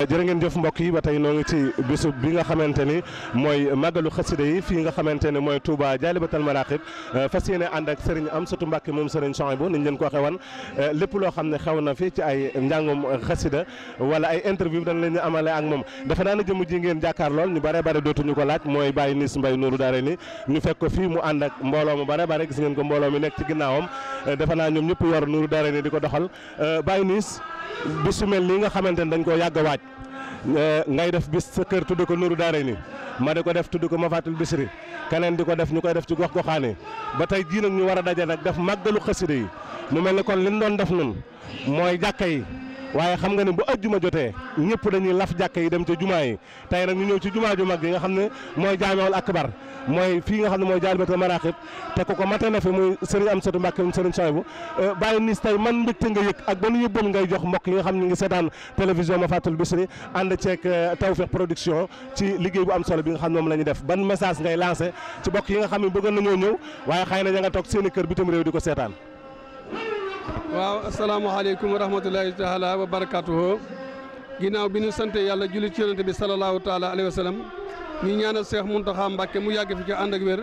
jërë ngeen jëf mbokk yi ba tey noo ngi ci bisub bi nga xamante ni mooy màggalu xasida yi fii nga xamante mooy Touba Jaalibatal Maraqib euh, fas yéene ànd ak Serigne Amsatou Mbacke moom Serigne Souhaïbou niñ leen ko waxee euh, lépp loo xam ne xew na fi ci ay njàngum xasida wala ay interview dañ leen amale ak moom dafa daana jëmu ji ngeen jàkkaar lool ñu bare bare dootuñu ko laaj mooy Baye Niss Mbaye Nourou Daare ni ñu fekk ko fii mu ànd ak mbooloo mu bare bare mi nekk ci ginnaawam euh, dafa naa ñoom ñëpp yor Nourou Daare Euh, ngay def bis sa kër tudd ko Nuuru ni ma di ko def tudd ko ma Mafatul Bisri keneen di ko def ñu koy def ci gox goxaane ba tey jii nag ñu war a daje nag def màggalu xasida yi mu mel ne kon liñ doon def nun mooy jàkka yi waaye xam nga ne bu ajjuma jotee ñëpp dañuy laf jàkk yi dem ca jumaa yi tey nag ñu ñëw ci jumaa ju mag yi nga xam ne mooy ak akbar mooy fii nga xam ne mooy jaalibatul maraqib te ko ko mate na fi muy Serigne Amsatou Mbacké Serigne Soyebu euh, bàyyi nis tey man mbégte nga yëg ak ban ngay jox mbokk yi nga xam ne ñu ngi seetaan télévision ma fàttul Bichri ànd ceeg euh, Tawfekh Production ci liggéey bu am solo bi nga xam ne moom la def ban message ngay lancé ci mbokk yi nga xam ne bëgg nañoo ñëw waaye xëy na ña nga toog seen kër bitim réew di ko seetaan waaw asalaamaaleykum wa rahmatulahi taala wa barakaatuhu ginnaaw bi ñu sante yàlla julli ci bi salallaahu taala alayhi wa sallam ñu ñaanal seex Muntaxa Mbàkke mu yàgg fi ci ànd ak wér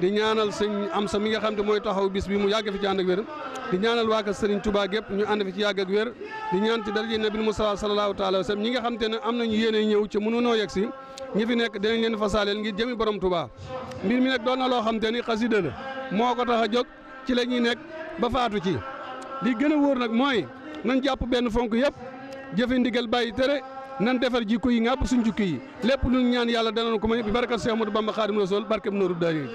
di ñaanal sëñ am sa mi nga xam ne mooy taxaw bis bi mu yàgg fi ci ànd ak wér di ñaanal waa kër Sëriñ Tuubaa gépp ñu ànd fi ci yàgg ak wér di ñaan ci daraje nabi Mustafa salallaahu taala wa sallam ñi nga xam te ne am nañu yéene ñëw ci mënunoo yegg si ñi fi nekk dinañ leen fasaaleel ngir jëmi borom Tuubaa mbir mi nag doon na loo xam te ni xasida la moo ko tax a jóg ci la ñuy nekk ba faatu ci li gën a wóor nag mooy nañ jàpp benn fonk yëpp jëfe ndigal bàyyi tere nan defar jikko yi ngàpp suñ jukki lépp lu ñaan yàlla danañ ko may bi barkat Cheikh Ahmadou Bamba Xaadimu Rasuul barkeb nooru daari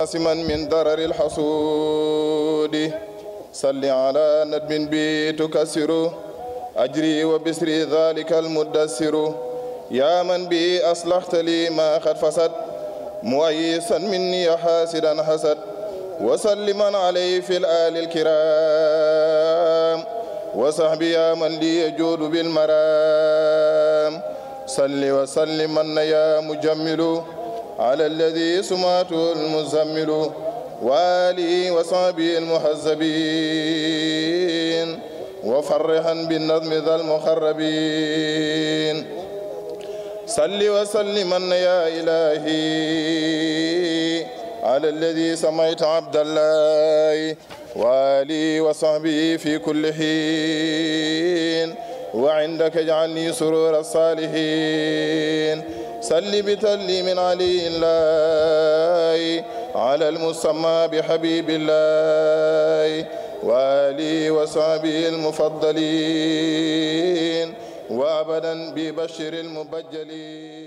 asiman min darari lxasuudi salli ala nadmin bi tukassiru ajri wa bisri dalika almudassiru yaa man bi aslaxta li ma xad fasad muayisan minni ya xaasidan xasad wa salliman alayhi fi l aali وصحبي يا من لي يجود بالمرام صل وسلم من يا مجمل على الذي سماته المزمل وآله وصحبه المحزبين وفرحا بالنظم ذا المخربين صل وسلم من يا إلهي على الذي سميت عبد الله وآله وصحبه في كل حين وعندك اجعلني سرور الصالحين سل بتلي من علي الله على المسمى بحبيب الله وآله وصحبه المفضلين وأبدا ببشر المبجلين